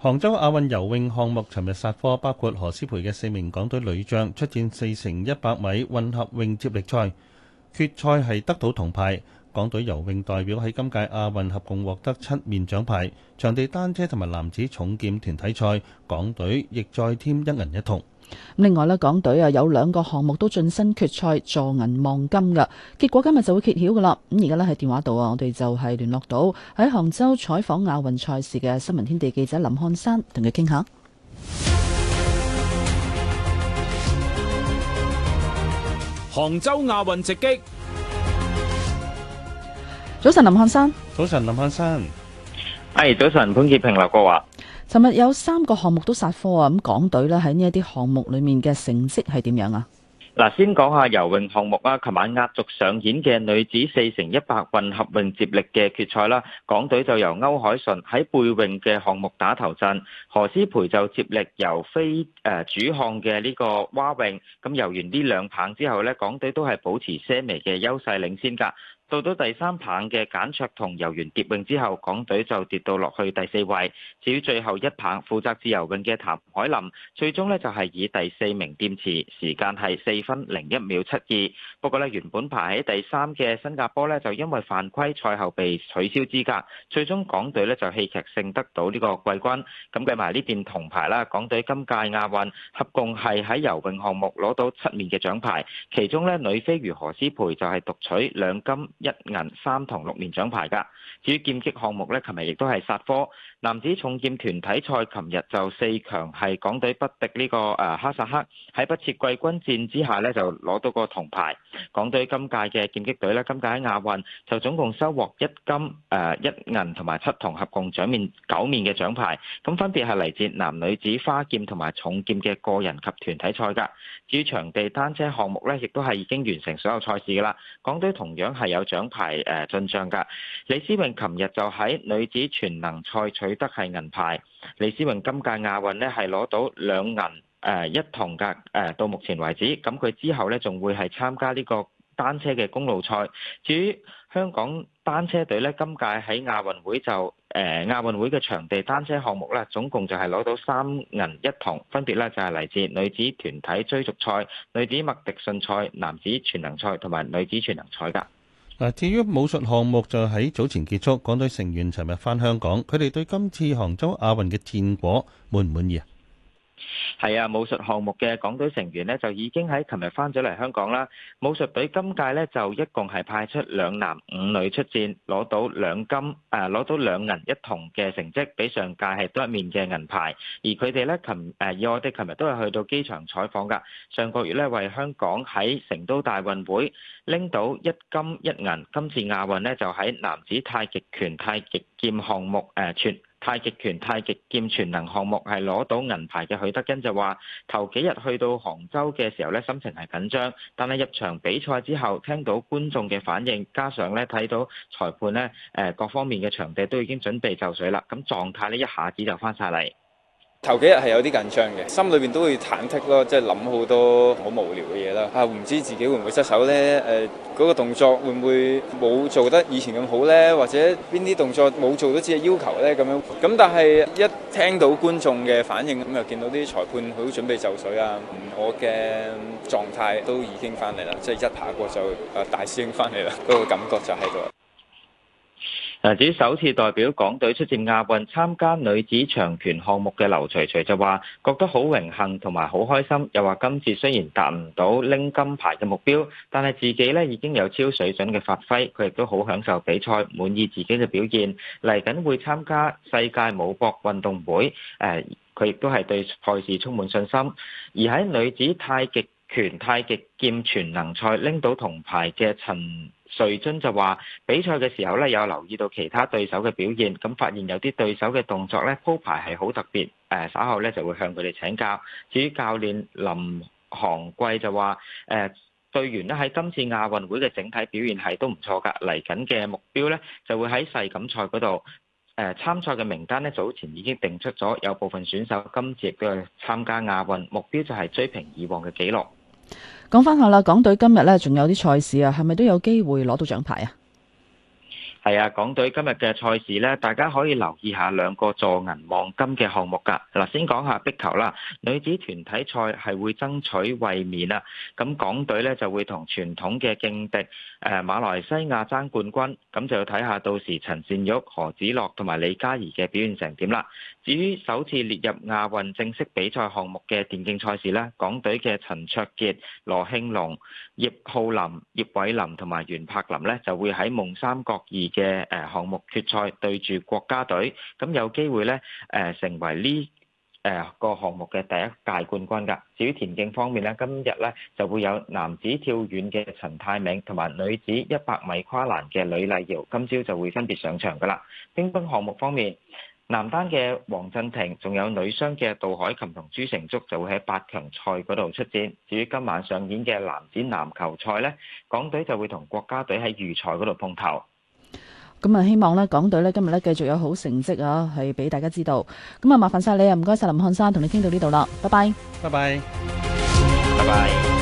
杭州亞運游泳項目尋日煞科，包括何詩蓓嘅四名港隊女將出戰四乘一百米混合泳接力賽，決賽係得到銅牌。港隊游泳代表喺今屆亞運合共獲得七面獎牌，場地單車同埋男子重劍團體賽，港隊亦再添一銀一銅。另外咧，港隊啊有兩個項目都晉身決賽，坐銀望金嘅結果，今日就會揭曉噶啦。咁而家咧喺電話度啊，我哋就係聯絡到喺杭州採訪亞運賽事嘅新聞天地記者林漢山，同佢傾下。杭州亞運直擊。早晨，林漢山。早晨，林漢山。哎，早晨，潘潔平，劉國華。尋日有三個項目都煞科啊，咁港隊咧喺呢一啲項目裏面嘅成績係點樣啊？嗱，先講下游泳項目啊。琴晚壓軸上演嘅女子四乘一百混合泳接力嘅決賽啦，港隊就由歐鎧淳喺背泳嘅項目打頭陣，何詩蓓就接力由非誒主項嘅呢個蛙泳，咁游完呢兩棒之後咧，港隊都係保持些微嘅優勢領先噶。到咗第三棒嘅簡卓同游完蝶泳之後，港隊就跌到落去第四位。至於最後一棒負責自由泳嘅譚凱琳，最終呢就係以第四名掂池，時間係四分零一秒七二。不過呢，原本排喺第三嘅新加坡呢，就因為犯規賽後被取消資格，最終港隊呢，就戲劇性得到呢個季軍。咁計埋呢邊銅牌啦，港隊今屆亞運合共係喺游泳項目攞到七面嘅獎牌，其中呢，女飛魚何詩蓓就係獨取兩金，一銀三銅六面獎牌噶，至於劍擊項目呢，琴日亦都係煞科。男子重劍團體賽琴日就四強係港隊不敵呢個誒哈薩克，喺不設季軍戰之下咧，就攞到個銅牌。港隊今屆嘅劍擊隊咧，今屆喺亞運就總共收穫一金誒一銀同埋七銅，合共獎面九面嘅獎牌。咁分別係嚟自男女子花劍同埋重劍嘅個人及團體賽噶。至於場地單車項目咧，亦都係已經完成所有賽事噶啦。港隊同樣係有獎牌誒進賬噶。李思穎琴日就喺女子全能賽場取得係銀牌，李思穎今屆亞運咧係攞到兩銀誒一銅嘅誒，到目前為止。咁佢之後咧仲會係參加呢個單車嘅公路賽。至於香港單車隊咧，今屆喺亞運會就誒亞運會嘅場地單車項目咧，總共就係攞到三銀一銅，分別咧就係嚟自女子團體追逐賽、女子麥迪遜賽、男子全能賽同埋女子全能賽嘅。至於武術項目就喺早前結束，港隊成員尋日返香港，佢哋對今次杭州亞運嘅戰果滿唔滿意啊？係啊，武術項目嘅港隊成員呢，就已經喺琴日返咗嚟香港啦。武術隊今屆呢，就一共係派出兩男五女出戰，攞到兩金誒，攞、啊、到兩銀一銅嘅成績，比上屆係多一面嘅銀牌。而佢哋呢，琴誒、啊、以我哋琴日都係去到機場採訪噶。上個月呢，為香港喺成都大運會拎到一金一銀，今次亞運呢，就喺男子太極拳、太極劍項目誒、啊、全。太極拳、太極劍全能項目係攞到銀牌嘅許德根就話：頭幾日去到杭州嘅時候咧，心情係緊張，但係入場比賽之後，聽到觀眾嘅反應，加上咧睇到裁判咧，誒，各方面嘅場地都已經準備就緒啦，咁狀態咧一下子就翻晒嚟。頭幾日係有啲緊張嘅，心裏面都會忐忑咯，即係諗好多好無聊嘅嘢啦。啊，唔知自己會唔會失手呢？誒、呃、嗰、那個動作會唔會冇做得以前咁好呢？或者邊啲動作冇做到自己要求呢？咁樣咁，但係一聽到觀眾嘅反應，咁、嗯、又見到啲裁判好準備就緒啊！嗯、我嘅狀態都已經翻嚟啦，即係一下過就誒、啊、大升翻嚟啦，嗰、那個感覺就喺度。誒，至於首次代表港隊出戰亞運參加女子長拳項目嘅劉徐徐就話覺得好榮幸同埋好開心。又話今次雖然達唔到拎金牌嘅目標，但係自己咧已經有超水準嘅發揮，佢亦都好享受比賽，滿意自己嘅表現，嚟緊會參加世界武搏運動會誒，佢、呃、亦都係對賽事充滿信心。而喺女子太極拳，太極劍全能賽拎到銅牌嘅陳。瑞尊就話：比賽嘅時候咧，有留意到其他對手嘅表現，咁發現有啲對手嘅動作咧，鋪排係好特別，誒稍後咧就會向佢哋請教。至於教練林航貴就話：誒、呃、隊員咧喺今次亞運會嘅整體表現係都唔錯㗎，嚟緊嘅目標咧就會喺世錦賽嗰度，誒參賽嘅名單呢早前已經定出咗，有部分選手今次亦都參加亞運，目標就係追平以往嘅紀錄。講翻下啦，港隊今日呢仲有啲賽事啊，係咪都有機會攞到獎牌啊？係啊，港隊今日嘅賽事呢，大家可以留意下兩個坐銀望金嘅項目噶。嗱，先講下壁球啦，女子團體賽係會爭取衛冕啊。咁港隊呢就會同傳統嘅勁敵誒馬來西亞爭冠軍，咁就要睇下到時陳善玉、何子樂同埋李嘉怡嘅表現成點啦。至於首次列入亞運正式比賽項目嘅電競賽事呢，港隊嘅陳卓傑、羅慶龍、葉浩林、葉偉林同埋袁柏林呢，就會喺夢三國2嘅誒項目決賽對住國家隊，咁有機會呢誒、呃、成為呢誒個項目嘅第一屆冠軍㗎。至於田徑方面呢，今日呢就會有男子跳遠嘅陳銘泰同埋女子一百米跨欄嘅呂麗瑤，今朝就會分別上場㗎啦。乒乓項目方面，男單嘅黃鎮廷，仲有女雙嘅杜凱琹同朱成竹就會喺八強賽嗰度出戰。至於今晚上演嘅男子籃球賽呢，港隊就會同國家隊喺預賽嗰度碰頭。咁啊，希望呢港隊呢今日呢繼續有好成績啊，係俾大家知道。咁啊，麻煩晒你啊，唔該晒林漢山，同你傾到呢度啦，拜拜，拜拜，拜拜。